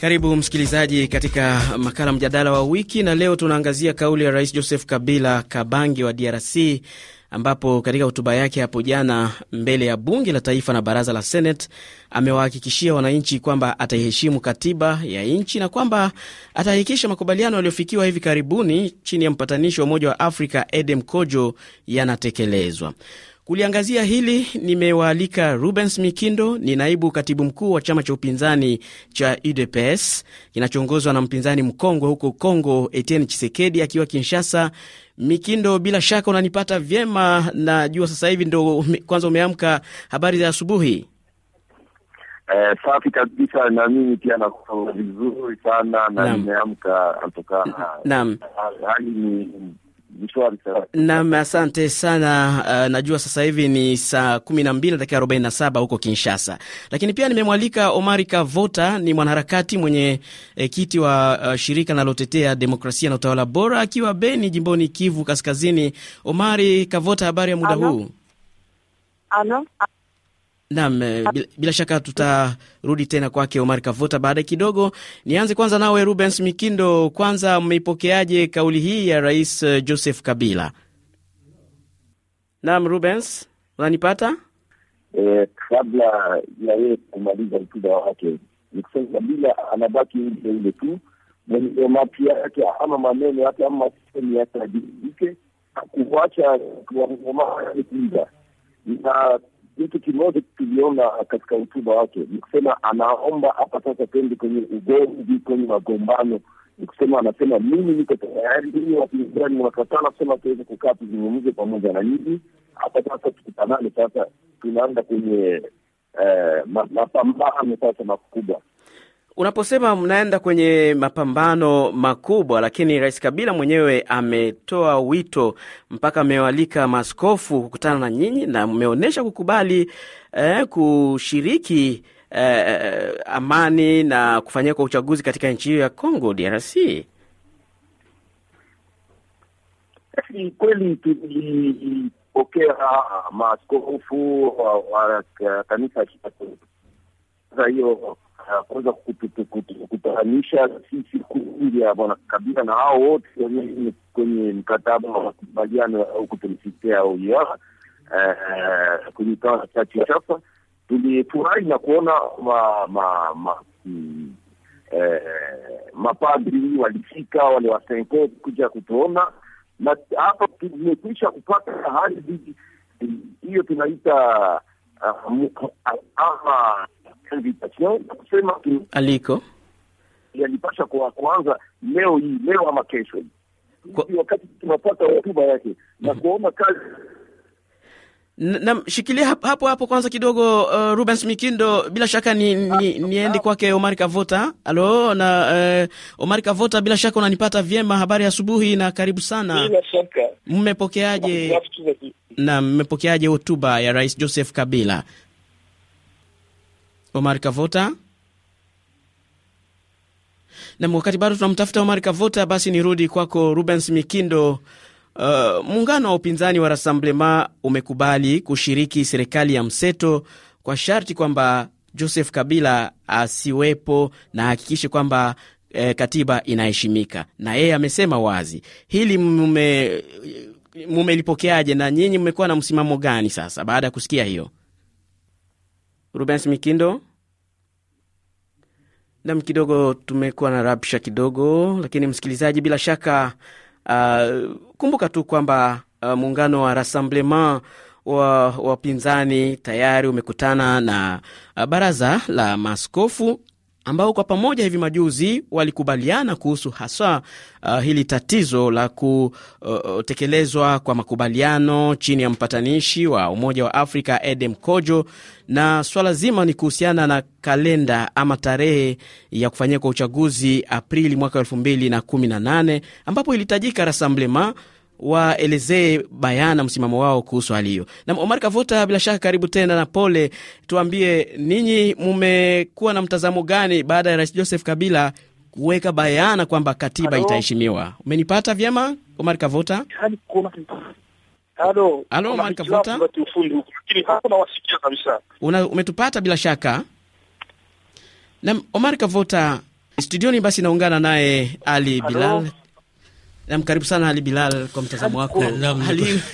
Karibu msikilizaji katika makala mjadala wa wiki, na leo tunaangazia kauli ya Rais Joseph Kabila Kabange wa DRC, ambapo katika hotuba yake hapo jana mbele ya bunge la taifa na baraza la Senate amewahakikishia wananchi kwamba ataiheshimu katiba ya nchi na kwamba atahakikisha makubaliano yaliyofikiwa hivi karibuni chini ya mpatanishi wa Umoja wa Afrika Edem Kojo yanatekelezwa. Kuliangazia hili nimewaalika Rubens Mikindo, ni naibu katibu mkuu wa chama cha upinzani cha UDPS kinachoongozwa na mpinzani mkongwe huko congo Etienne Chisekedi akiwa Kinshasa. Mikindo, bila shaka unanipata vyema, najua sasa hivi ndo kwanza umeamka. Habari za asubuhi? Eh, safi kabisa, na mimi pia nakuwa vizuri sana na nimeamka kutokana. hali ni Naam, asante sana. Uh, najua sasa hivi ni saa kumi na mbili dakika arobaini na saba huko Kinshasa, lakini pia nimemwalika Omari Kavota, ni mwanaharakati mwenye eh, kiti wa uh, shirika linalotetea demokrasia na utawala bora, akiwa Beni jimboni Kivu Kaskazini. Omari Kavota, habari ya muda huu? Ano. Nam, eh, bila shaka tutarudi tena kwake Omar Kavota baadaye kidogo. Nianze kwanza nawe Rubens Mikindo, kwanza mmeipokeaje kauli hii ya Rais eh, Joseph Kabila? Nam Rubens unanipata? E, kabla ya yeye kumaliza hotuba wake ni kusema Kabila anabaki ule ule tu, mwenye mapya yake ama maneno yake ama masemi yake ajiike kuwacha kuwangomaa kuiza na kitu kimoja tuliona katika hotuba wake ni kusema anaomba hapa sasa tende kwenye ugomvi, kwenye magombano. Ni kusema anasema mimi niko tayari, hii wapinzani wakatana kusema tuweze kukaa tuzungumze pamoja na nyinyi hapa sasa, tukutanane sasa, tunaenda kwenye eh, mapambano sasa makubwa Unaposema mnaenda kwenye mapambano makubwa, lakini Rais Kabila mwenyewe ametoa wito mpaka amewalika maskofu kukutana na nyinyi na mmeonyesha kukubali eh, kushiriki eh, amani na kufanyika kwa uchaguzi katika nchi hiyo ya Congo DRC. kweli tulipokea maskofu wa kanisa hiyo kuweza kutatanisha sisi kundi ya bwana Kabila na hao wote kwenye mkataba wa makubaliano au kutulifikia OEA eh, kwenye utawala chache. Sasa tulifurahi na kuona ma, ma, ma, eh, mapadri walifika wale wasenko kuja kutuona, na hapa tumekwisha kupata hali hiyo tunaita ah, ama invitation na kusema ki aliko yalipasha kwa kwanza leo hii leo ama kesho kwa... wakati tunapata hotuba yake na mhm. kuona kazi nam shikilia hapo, hapo hapo kwanza kidogo uh, Rubens Mikindo, bila shaka ni, ni, niende kwake Omar Kavota. Alo na uh, Omar Kavota, bila shaka unanipata vyema. Habari asubuhi na karibu sana. Mmepokeaje? na mmepokeaje hotuba ya Rais Joseph Kabila Omar Kavota nam. Wakati bado tunamtafuta Omar Kavota, basi nirudi kwako Rubens Mikindo. Uh, muungano wa upinzani wa Rassemblement umekubali kushiriki serikali ya mseto kwa sharti kwamba Joseph Kabila asiwepo na ahakikishe kwamba eh, katiba inaheshimika, na yeye amesema wazi hili. Mume mumelipokeaje na nyinyi mmekuwa na msimamo gani sasa baada ya kusikia hiyo? Rubens Mikindo. Nam, kidogo tumekuwa na rabsha kidogo, lakini msikilizaji, bila shaka uh, kumbuka tu kwamba uh, muungano wa Rassemblement wa wapinzani tayari umekutana na ah, baraza la maaskofu ambao kwa pamoja hivi majuzi walikubaliana kuhusu hasa uh, hili tatizo la kutekelezwa uh, kwa makubaliano chini ya mpatanishi wa Umoja wa Afrika Edem Kojo, na swala zima ni kuhusiana na kalenda ama tarehe ya kufanyika kwa uchaguzi Aprili mwaka 218 ambapo ilitajika Rassemblement waelezee bayana msimamo wao kuhusu hali hiyo. Na Omar Kavuta, bila shaka karibu tena na pole, tuambie ninyi mumekuwa na mtazamo gani baada ya Rais Joseph Kabila kuweka bayana kwamba katiba Halo. itaheshimiwa. Umenipata vyema Omar Kavuta? Halo, Halo Omar una umetupata bila shaka? Na Omar Kavota studioni, basi naungana naye Ali Halo. Bilal Nam, karibu sana Ali Bilal. Kwa mtazamo wako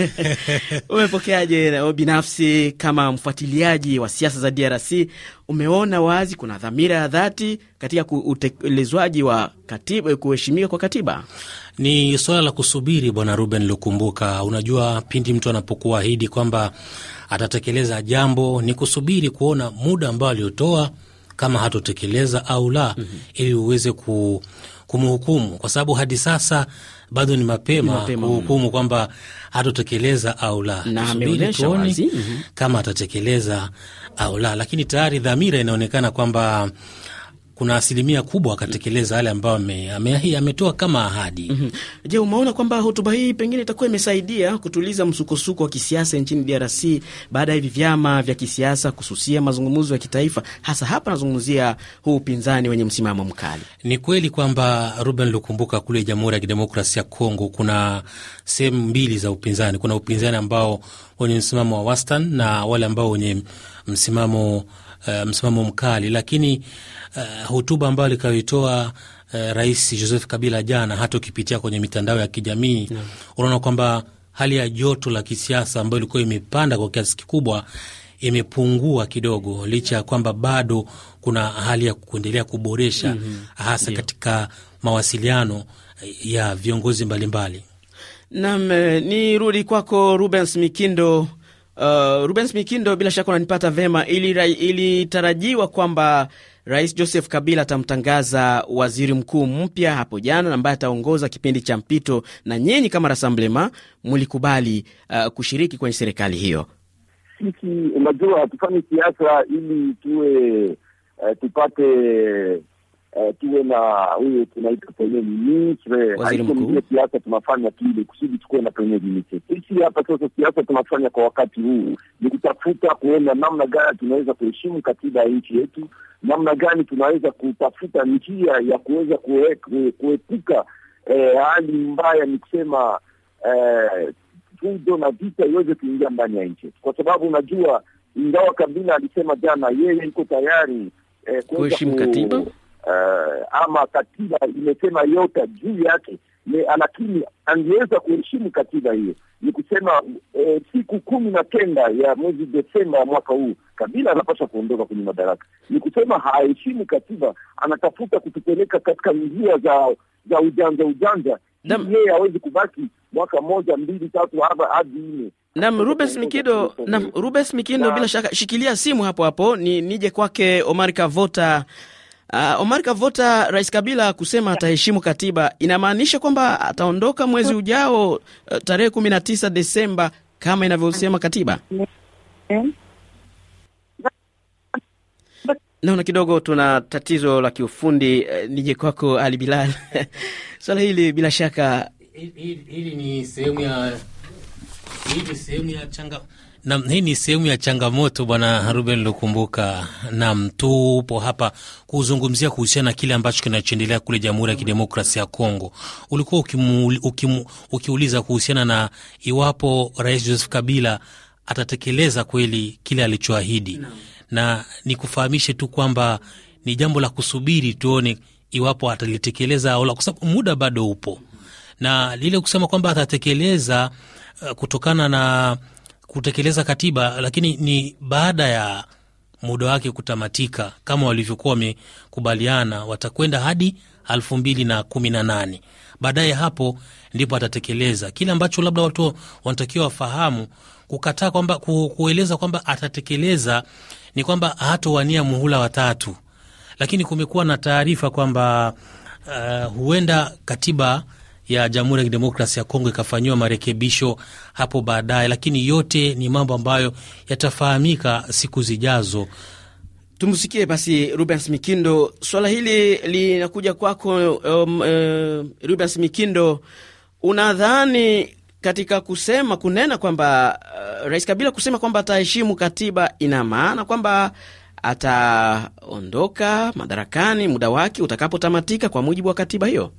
umepokeaje binafsi kama mfuatiliaji wa siasa za DRC? Umeona wazi kuna dhamira ya dhati katika utekelezwaji wa katiba, kuheshimika kwa katiba? Ni swala la kusubiri, Bwana Ruben Lukumbuka. Unajua, pindi mtu anapokuahidi kwamba atatekeleza jambo, ni kusubiri kuona muda ambao aliotoa kama hatotekeleza au la, mm -hmm. ili uweze ku kumhukumu kwa sababu hadi sasa bado ni mapema kuhukumu kwamba hatotekeleza au la, tusubiri tuone kama atatekeleza au la, lakini tayari dhamira inaonekana kwamba kuna asilimia kubwa akatekeleza yale ambayo ametoa kama ahadi. mm -hmm. Je, umeona kwamba hotuba hii pengine itakuwa imesaidia kutuliza msukosuko wa kisiasa nchini DRC baada ya hivi vyama vya kisiasa kususia mazungumzo ya kitaifa, hasa hapa anazungumzia huu upinzani wenye msimamo mkali? Ni kweli kwamba Ruben Lukumbuka, kule Jamhuri ya Kidemokrasia ya Kongo kuna sehemu mbili za upinzani. Kuna upinzani ambao wenye msimamo wa wastani na wale ambao wenye msimamo uh, msimamo mkali, lakini uh, hotuba ambayo alikayoitoa uh, Rais Joseph Kabila jana, hata ukipitia kwenye mitandao ya kijamii yeah, unaona kwamba hali ya joto la kisiasa ambayo ilikuwa imepanda kwa kiasi kikubwa imepungua kidogo, licha ya kwamba bado kuna hali ya kuendelea kuboresha mm -hmm. hasa yeah, katika mawasiliano ya viongozi mbalimbali. Nam, ni rudi kwako Rubens Mikindo. Uh, Rubens Mikindo, bila shaka unanipata vema. Ilitarajiwa ili kwamba Rais Joseph Kabila atamtangaza waziri mkuu mpya hapo jana ambaye ataongoza kipindi cha mpito, na nyinyi kama Rassemblement mlikubali uh, kushiriki kwenye serikali hiyo. Sisi unajua hatufanyi siasa ili tuwe uh, tupate tuwe na huyo tunaita penyezi ministre, haiko siasa tunafanya kile kusudi tukuwe na penyezi ministre. Sisi hapa sasa siasa tunafanya kwa wakati huu ni kutafuta kuona namna gani tunaweza kuheshimu katiba ya nchi yetu, namna gani tunaweza kutafuta njia ya kuweza kuepuka eh, hali eh, mbaya ni kusema eh, fujo na vita iweze kuingia ndani ya nchi yetu, kwa sababu unajua, ingawa Kabila alisema jana yeye iko tayari eh, kuheshimu katiba uh, ama katiba imesema yote juu yake, lakini angeweza kuheshimu katiba hiyo. Ni kusema eh, siku kumi na kenda ya mwezi Desemba ya mwaka huu Kabila anapasha kuondoka kwenye madaraka. Ni kusema haheshimu katiba, anatafuta kutupeleka katika njia za za ujanja ujanja yeye hawezi kubaki mwaka moja mbili tatu hapa hadi nne. nam rubes Mikindo, nam rubes Mikindo, bila shaka shikilia simu hapo hapo, ni nije kwake Omar Kavota. Uh, Omar Kavota, Rais Kabila kusema ataheshimu katiba inamaanisha kwamba ataondoka mwezi ujao, uh, tarehe kumi na Desemba kama inavyosema katiba. Naona kidogo tuna tatizo la kiufundi. Uh, nije kwako Ali Bilal swala hili bila shaka hili ni sehemu ya, hili sehemu ya changa Nam, hii ni sehemu ya changamoto, Bwana Ruben Lukumbuka. Nam, tupo hapa kuzungumzia kuhusiana na kile ambacho kinachoendelea kule Jamhuri ya Kidemokrasia ya Kongo. Ulikuwa ukiuliza kuhusiana na iwapo Rais Joseph Kabila atatekeleza kweli kile alichoahidi, na nikufahamishe tu kwamba ni jambo la kusubiri tuone iwapo atalitekeleza au la, kwa sababu muda bado upo, na lile kusema kwamba atatekeleza eh, kutokana na kutekeleza katiba, lakini ni baada ya muda wake kutamatika kama walivyokuwa wamekubaliana, watakwenda hadi elfu mbili na kumi na nane. Baadaye hapo ndipo atatekeleza kile ambacho labda watu wanatakiwa wafahamu. Kukataa kwamba kueleza kwamba atatekeleza ni kwamba hatowania muhula watatu, lakini kumekuwa na taarifa kwamba uh, huenda katiba ya Jamhuri ya Kidemokrasi ya Kongo ikafanyiwa marekebisho hapo baadaye, lakini yote ni mambo ambayo yatafahamika siku zijazo. Tumsikie basi Rubens Mikindo. Swala hili linakuja kwako, um, uh, Rubens Mikindo, unadhani katika kusema kunena kwamba uh, Rais Kabila kusema kwamba ataheshimu katiba, ina maana kwamba ataondoka madarakani muda wake utakapotamatika kwa mujibu wa katiba hiyo?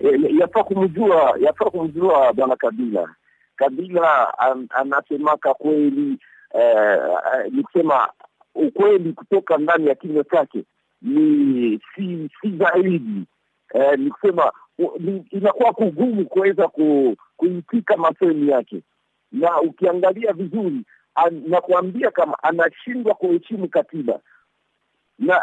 Eh, yafaa kumjua, yafaa kumjua bwana Kabila. Kabila an, anasemaka kweli eh, eh ni kusema ukweli kutoka ndani ya kinywa chake ni si si zaidi eh, ni kusema inakuwa kugumu kuweza kuitika masemi yake, na ukiangalia vizuri nakuambia kama anashindwa kuheshimu katiba na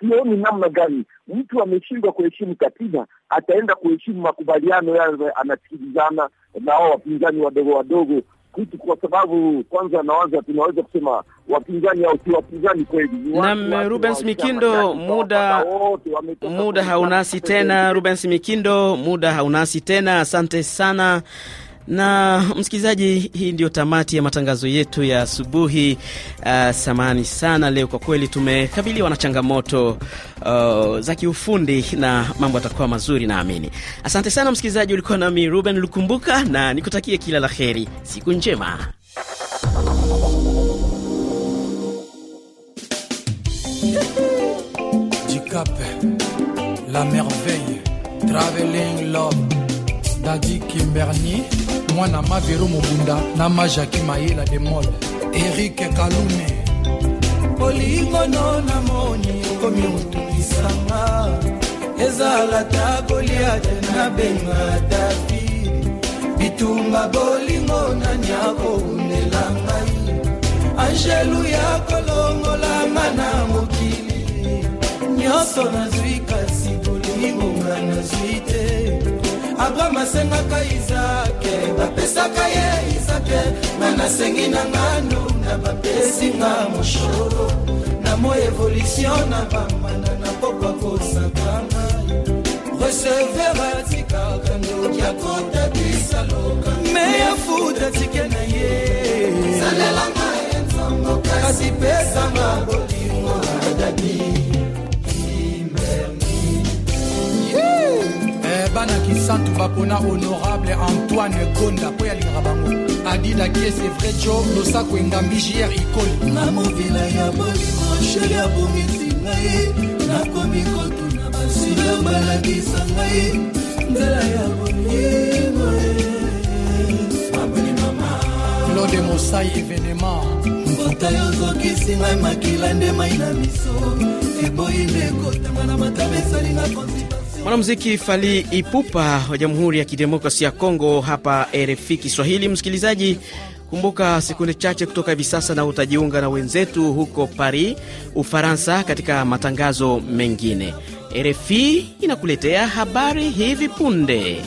sioni namna gani mtu ameshindwa kuheshimu katiba ataenda kuheshimu makubaliano yale, anasikilizana na wao wapinzani wadogo wadogo kitu, kwa sababu kwanza nawaza tunaweza kusema wapinzani au si wapinzani kweli. nam Rubens Mikindo, muda muda haunasi tena. Rubens Mikindo, muda haunasi tena, asante sana. Na msikilizaji, hii ndiyo tamati ya matangazo yetu ya asubuhi. Uh, ah, samani sana leo, kwa kweli tumekabiliwa na changamoto uh, za kiufundi na mambo yatakuwa mazuri naamini. Asante sana msikilizaji, ulikuwa nami Ruben Lukumbuka na nikutakie kila la heri, siku njema. la merveille, traveling love dadi kimberni mwana mavero mobunda na majaki mayela de erik kalune na moni otukisanga ezala ta goliate na benga bitumba bolingo nani angelu ya na mokili kasi te abraham asengaka izake bapesaka ye izake nga nasengi na ngandu na bapesinga moshoro na mo evolution na bamana na pokwa kosaka ngai recever atikaka ndoki akota bisaloka me afuta tike na ye zalelanga ye nzambo kasi pesanga boli bakona honorable antoine konda mpo ya lingaka bango adida kiese vrejo losako engambi jr ikoli na mokila ya bolimo sheri abongisi ngai nakomi kotuna basilo balakisa ngai nzela ya bolimo lode mosai evenema mbota yozokisi ngai makila nde mai na miso eboyi nde ekotanga na matama esalinga konzipa Mwanamuziki fali Ipupa wa Jamhuri ya Kidemokrasia ya Kongo hapa RFI Kiswahili. Msikilizaji, kumbuka sekunde chache kutoka hivi sasa na utajiunga na wenzetu huko Paris, Ufaransa, katika matangazo mengine. RFI inakuletea habari hivi punde.